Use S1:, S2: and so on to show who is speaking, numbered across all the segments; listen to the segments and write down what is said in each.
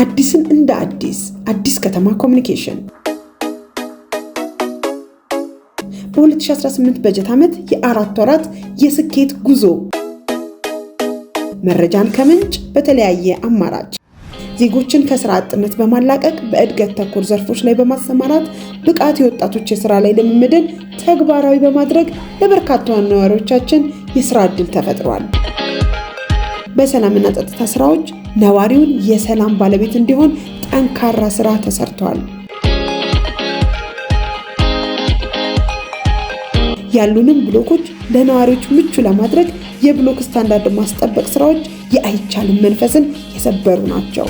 S1: አዲስን እንደ አዲስ አዲስ ከተማ ኮሚኒኬሽን በ2018 በጀት ዓመት የአራት ወራት የስኬት ጉዞ መረጃን ከምንጭ በተለያየ አማራጭ ዜጎችን ከስራ አጥነት በማላቀቅ በእድገት ተኮር ዘርፎች ላይ በማሰማራት ብቃት የወጣቶች የስራ ላይ ልምምድን ተግባራዊ በማድረግ ለበርካታ ነዋሪዎቻችን የስራ ዕድል ተፈጥሯል። በሰላምና ጸጥታ ስራዎች ነዋሪውን የሰላም ባለቤት እንዲሆን ጠንካራ ስራ ተሰርቷል። ያሉንም ብሎኮች ለነዋሪዎች ምቹ ለማድረግ የብሎክ ስታንዳርድ ማስጠበቅ ስራዎች የአይቻልም መንፈስን የሰበሩ ናቸው።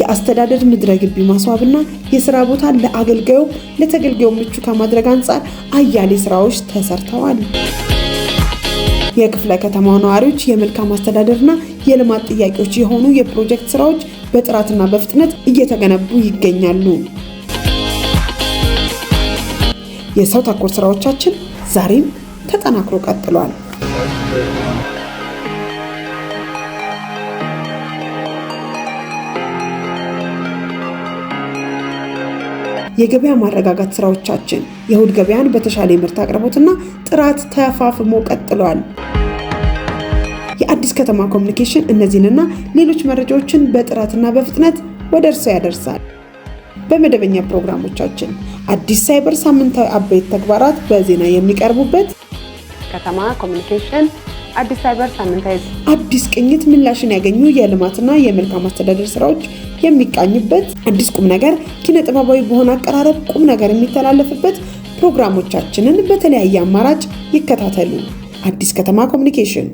S1: የአስተዳደር ምድረ ግቢ ማስዋብና የስራ ቦታ ለአገልጋዩ ለተገልጋዩ ምቹ ከማድረግ አንጻር አያሌ ስራዎች ተሰርተዋል። የክፍለ ከተማው ነዋሪዎች የመልካም አስተዳደርና የልማት ጥያቄዎች የሆኑ የፕሮጀክት ስራዎች በጥራትና በፍጥነት እየተገነቡ ይገኛሉ። የሰው ተኮር ስራዎቻችን ዛሬም ተጠናክሮ ቀጥሏል። የገበያ ማረጋጋት ስራዎቻችን የእሁድ ገበያን በተሻለ የምርት አቅርቦትና ጥራት ተፋፍሞ ቀጥሏል። የአዲስ ከተማ ኮሚኒኬሽን እነዚህንና ሌሎች መረጃዎችን በጥራትና በፍጥነት ወደ እርስዎ ያደርሳል። በመደበኛ ፕሮግራሞቻችን አዲስ ሳይበር ሳምንታዊ አበይት ተግባራት በዜና የሚቀርቡበት
S2: ከተማ ኮሚኒኬሽን አዲስ ሳይበር ሳምንታዊ
S1: አዲስ ቅኝት ምላሽን ያገኙ የልማትና የመልካም አስተዳደር ስራዎች የሚቃኝበት አዲስ ቁም ነገር ኪነ ጥበባዊ በሆነ አቀራረብ ቁም ነገር የሚተላለፍበት ፕሮግራሞቻችንን በተለያየ አማራጭ ይከታተሉ። አዲስ ከተማ ኮሚኒኬሽን